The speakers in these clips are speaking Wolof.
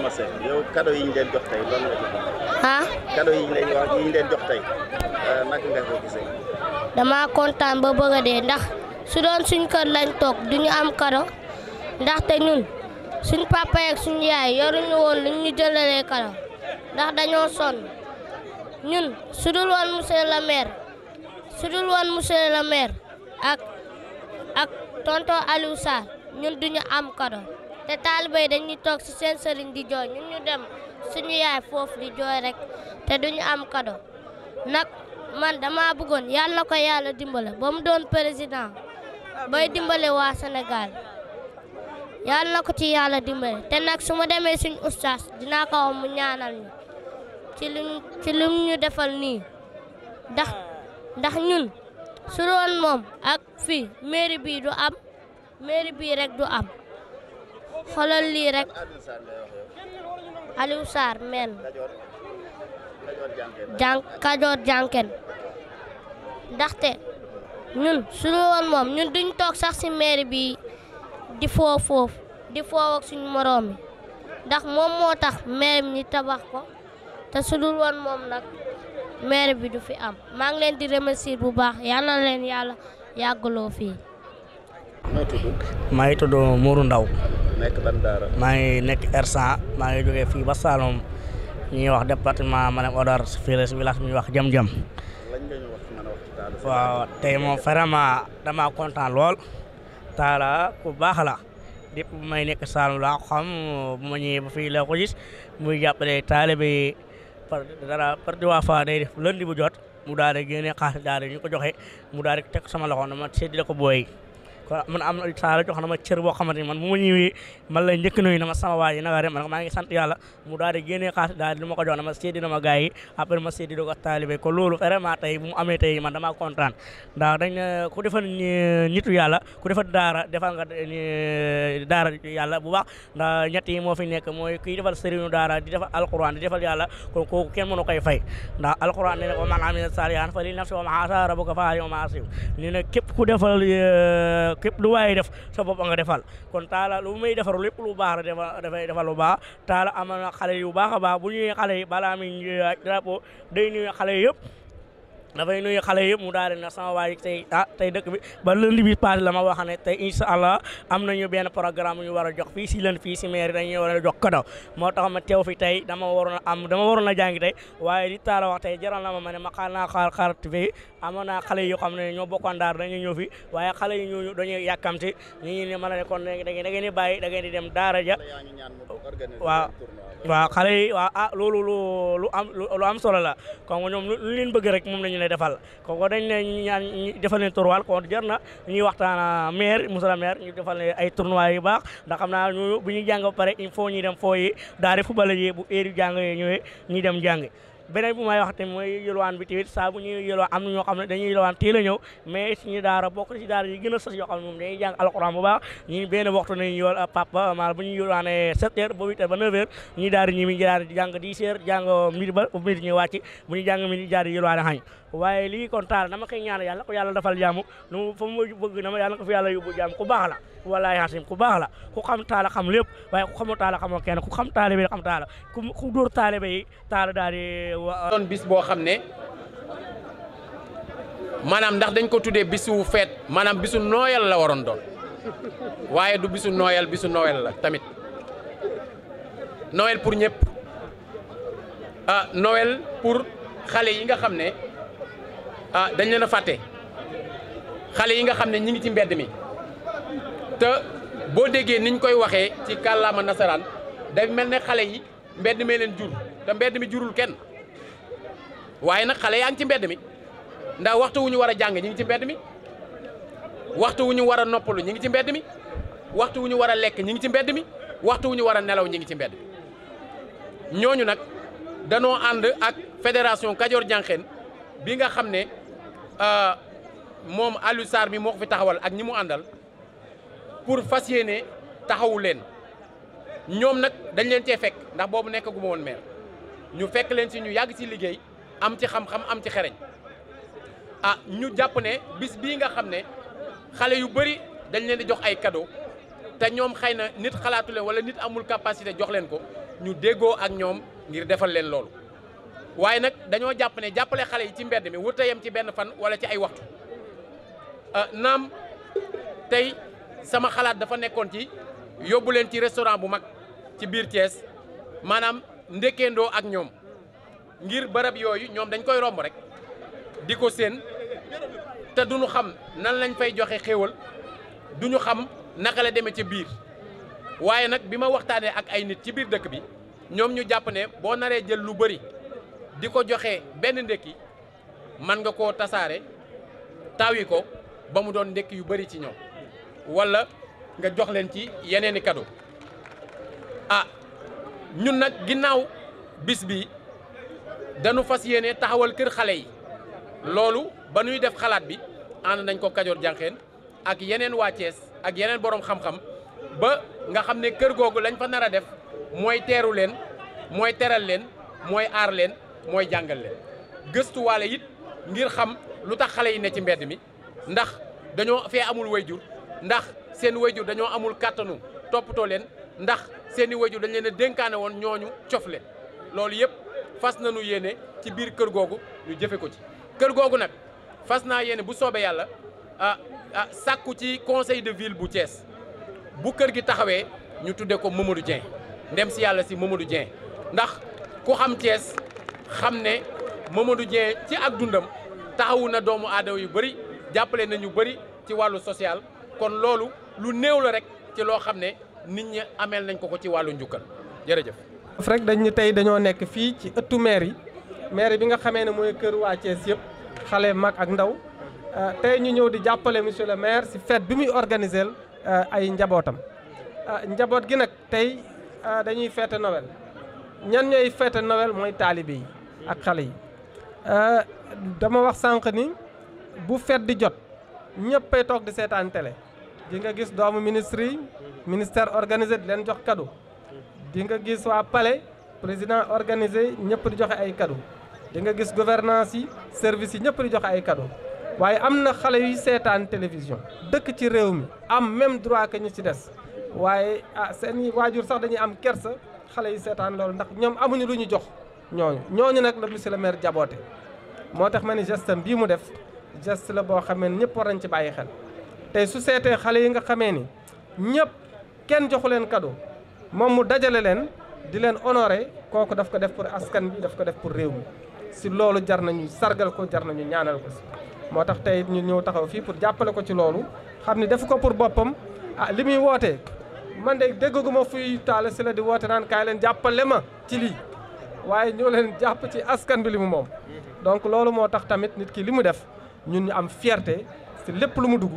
Adama Seck yi ñu leen dama kontaan ba bëgg dee ndax su doon suñ kër lañ toog duñu am cadeau ndaxte ñun suñ papa yeeg suñ yaay yoruñu woon luñ ñu jëlalee cadeau ndax dañoo sonn ñun su dul woon monsieur le maire su dul woon monsieur le maire ak ak tonton Aliou ñun duñu am cadeau. te taaliba yi dañuy toog ci seen sëriñ di jooy ñun ñu dem suñu yaay foofu di jooy rekk te duñu am kado nag man dama bëggoon yàlla na ko yàlla dimbale ba mu doon président bay dimbale waa Sénégal yàlla na ko ci yàlla dimbale te nag su demee suñu ustaas dinaa ko mu ñaanal ñu ci lu ñu defal nii ndax ndax ñun su doon moom ak fi mairie bii du am mairie bii rek du am xoolal lii rek Aliou Sarr men jàng kajoor jànken ndaxte ñun suñu woon moom ñun duñ toog sax ci mairie bi di foo foofu di foo ak suñu moroom ndax moom moo tax maire bi ñi tabax ko te su dul woon moom nag maire bi du fi am maa ngi leen di remercier bu baax yal leen yàlla yàgguloo fii. maa ngi tudd Mourou Ndaw nekk ban daara. maa ngi nekk r maa ngi jógee fii ba Saloum ñuy wax département ma ne Odor fii si village ñuy wax Jam Jam. lañ nga ñu wax mën a wax ci Talla. waaw kontaan lool Talla ku baax la lépp may nekk Saloum laa xam bu ma ñëwee fii la ko gis muy jàppale taalibe par dara par di waa fa day bu jot mu daal di génne xaalis daal di ñu ko joxe mu daal di teg sama loxo dama séddale ko booy. man am saa la jox na ma cër boo xamante ni man bu ma ñëwee man lay njëkk na ma sama waa yi naka dem man maa ngi sant yàlla mu daal di génnee xaalis daal di ma ko jox na ma séeddi na ma gars après ma séeddi ko taalibe ko loolu vraiment tey bu mu amee tey man damaa kontaan ndax dañ ku defal nitu yàlla ku defal daara defal nga daara yàlla bu baax ndax ñett moo fi nekk mooy kuy defal sëriñu daara di defal alquran di defal yàlla kon ko man amina salihan fa képp lu waaye def sa bopp nga defal kon taala lu may defar lépp lu baax dafay defal lu baax taala am na xale yu baax a baax bu ñuy xale yi balaa mi drapeau day nuyu xale yëpp mu daal na sama waay tey a ah, tey dëkk bi ba lundi bi passé la ma wax ne tey incha allah am nañu benn programme ñu war a jox fii si leen fii si mairie dañuy war a jox cadeau moo tax ma teew fi tey dama waroon a am dama waroon a jàngi tey waaye li taala wax tey jaral na ma ma ma xaar naa xaar xaar fii amoon naa xale yoo xam ne ñoo bokkoon daar dañuy ñëw fi waaye xale yi ñooñu dañuy yàkkamti ñu ngi ne ma ne kon da ngeen da ngeen di bàyyi da ngeen di dem daara ja waaw waaw xale yi waaw ah loolu lu lu am lu am solo la kon ñoom lu leen bëgg rek moom la ñu lay defal kon dañ ne ñu ñaan ñu defal leen tournoi kon jar na ñuy waxtaan maire monsieur le maire ñu defal leen ay tournoi yu baax ndax xam naa ñooñu bu ñuy jàng ba pare il faut ñuy dem foo yi daara football yi bu heure jàng yi ñëwee ñuy dem jàng beneen bu may wax tamit mooy yëlwaan bi tamit saa bu ñuy yëlwaan am na ñoo xam ne dañuy a yi gën a bu baax ñu benn waxtu nañu yool papa maanaam bu ñuy yëlwaanee sept heures ba ba neuf heures ñuy daara mi daara jàng dix heures jàng midi ba midi ñuy wàcc bu ñu jàng midi daara yëlwaane xañ waaye lii kon taal dama koy ñaan yàlla ko yàlla dafal jàmm nu mu fa mu na ma yàlla ko fi yàlla yóbbu jàmm ku baax la walaay ku baax ku xam taala xam lépp doon bis boo xam ne maanaam ndax dañ ko tuddee bisu feet maanaam bisu nooyal la waroon doon waaye du bisu nooyal bisu nooyal la tamit noël pour ñëpp ah noël pour xale yi nga xam ne ah dañ leen a fàtte xale yi nga xam ne ñi ngi ci mbedd mi te boo déggee niñ koy waxee ci kàllaama nasaraan day mel ne xale yi mbedd mee leen jur te mbedd mi jurul kenn waaye nag xale yaa ngi ci mbedd mi ndax waxtu wu ñu war a jàng ñi ngi ci mbedd mi waxtu wu ñu war a noppalu ñi ngi ci mbedd mi waxtu wu ñu war a lekk ñi ngi ci mbedd mi waxtu wu ñu war a nelaw ñi ngi ci mbedd ñooñu nag danoo ànd ak fédération Kajoor Jànqeen bi nga xam ne euh, moom Aliou Sarr mi moo fi taxawal ak ñi mu àndal pour fas yéene taxawu leen ñoom nag dañ leen cee fekk ndax boobu nekk gu ma woon maire ñu fekk leen si ñu yàgg si liggéey am ci xam-xam am ci xereñ a ah, ñu jàpp ne bis bii nga xam ne xale yu bëri dañ leen di jox ay cadeau te ñoom xëy na nit xalaatu leen wala nit amul capacité jox leen ko ñu déggoo ak ñoom ngir defal leen loolu waaye nag dañoo jàpp ne jàppale xale yi ci mbedd mi wut a ci benn fan wala ci ay waxtu ah, naam tey sama xalaat dafa nekkoon ci yóbbu leen ci restaurant bu mag ci biir Thiès maanaam ndékkeendoo ak ñoom ngir bërëb yooyu ñoom dañ koy romb rek di ko séen te duñu xam nan lañ fay joxe xéewal duñu xam naka la demee ca biir waaye nag bi ma waxtaanee ak ay nit ci biir dëkk bi ñoom ñu jàpp ne boo naree jël lu bari di ko joxe benn ndekki mën nga ko tasaare taawi ko ba mu doon ndekki yu bari ci ñoom wala nga jox leen ci yeneeni cadeau ah ñun nag ginnaaw bis bi dañu fas yéene taxawal kër xale yi loolu ba nuy def xalaat bi ànd nañ ko Kajoor Jànqeen ak yeneen waa Thiès ak yeneen borom xam-xam ba nga xam ne kër googu lañ fa nar a def mooy teeru leen mooy teral leen mooy aar leen mooy jàngal leen gëstuwaale it ngir xam lu tax xale yi ne ci mbedd mi ndax dañoo fee amul wayjur ndax seeni wayjur dañoo amul kàttanu toppatoo leen ndax seen i wayjur dañ leen dénkaane woon ñooñu cofle loolu yëpp fas nanu yéene ci biir kër googu ñu jëfe ko ci kër googu nag fas naa yéene bu soobee yàlla ah ah sàkku ci conseil de ville bu Thiès bu kër gi taxawee ñu tudde ko Mamadou Dieng ndem si yàlla si Mamadou Dieng ndax ku xam Thiès xam ne Mamadou Dieng ci ak dundam taxawu na doomu aadaw yu bëri jàppale na ñu bëri ci wàllu social kon loolu lu néew la rek ci loo xam ne nit ñi ameel nañ ko ko ci wàllu njukkal jërëjëf rek dañu tey dañoo nekk fii ci ëttu maire yi maire bi nga xamee ne mooy kër waa Thiès yëpp xale mag ak ndaw euh, tey ñu ñëw di jàppale monsieur le maire si fête bi muy organiser euh, ay njabootam euh, njaboot gi nag tey dañuy fête Noël ñan ñooy fête Noël mooy taalibe yi ak xale yi dama wax sànq ni bu fête di jot ñëppay toog di seetaan télé di nga gis doomu ministre yi ministère organisé di leen jox cadeau di nga gis waa pale président organisé ñëpp di joxe ay kado di nga gis gouvernance yi service yi ñëpp di joxe ay kado waaye am na xale yuy seetaan télévision dëkk ci réew mi am même droit que ñu ci des waaye ah seeni waajur sax dañuy am kersa xale yu seetaan loolu ndax ñoom amuñu lu ñu jox ñooñu ñooñu nag la monsieur jaboote moo tax ma ni geste bii mu def geste la boo xamee ñëpp war nañ ci bàyyi xel tey su seetee xale yi nga xamee ni ñëpp kenn joxu leen cadeau moom mu dajale leen di leen honoré kooku daf ko def pour askan bi daf ko def pour réew mi si loolu jar nañu sargale ko jar nañu ñaanal ko si moo tax tey ñu ñëw taxaw fii pour jàppale ko ci loolu xam ni defu ko pour boppam ah li muy wootee man de déggaguma fuy taale si la di woote naan kaay leen jàppale ma ci lii waaye ñoo leen jàpp ci askan bi li mu moom donc loolu moo tax tamit nit ki li mu def ñun ñu am fierté si lépp lu mu dugg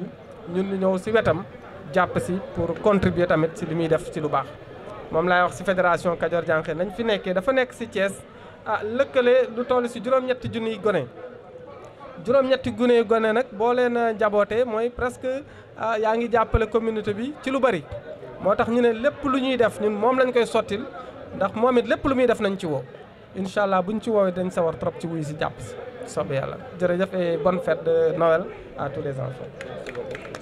ñun ñu ñëw si wetam jàpp si pour contribuer tamit si li muy def ci lu baax moom laay wax si fédération Kajoor Jànqeen nañ fi nekkee dafa nekk si Thiès ah lëkkale lu toll si juróom-ñetti junniy gone juróom-ñetti gune gone nag boo leen ah, jabootee mooy presque ah, yaa ngi jàppale communauté bi ci lu bari moo tax ñu ne lépp lu ñuy def ñun moom lañ koy sottil ndax moom it lépp lu muy def nañ ci woo incha bu ñu ci woowee dañ sawar trop ci wuyu si jàpp si soobee yàlla jërëjëf et bonne fête de Noël à tous les enfants.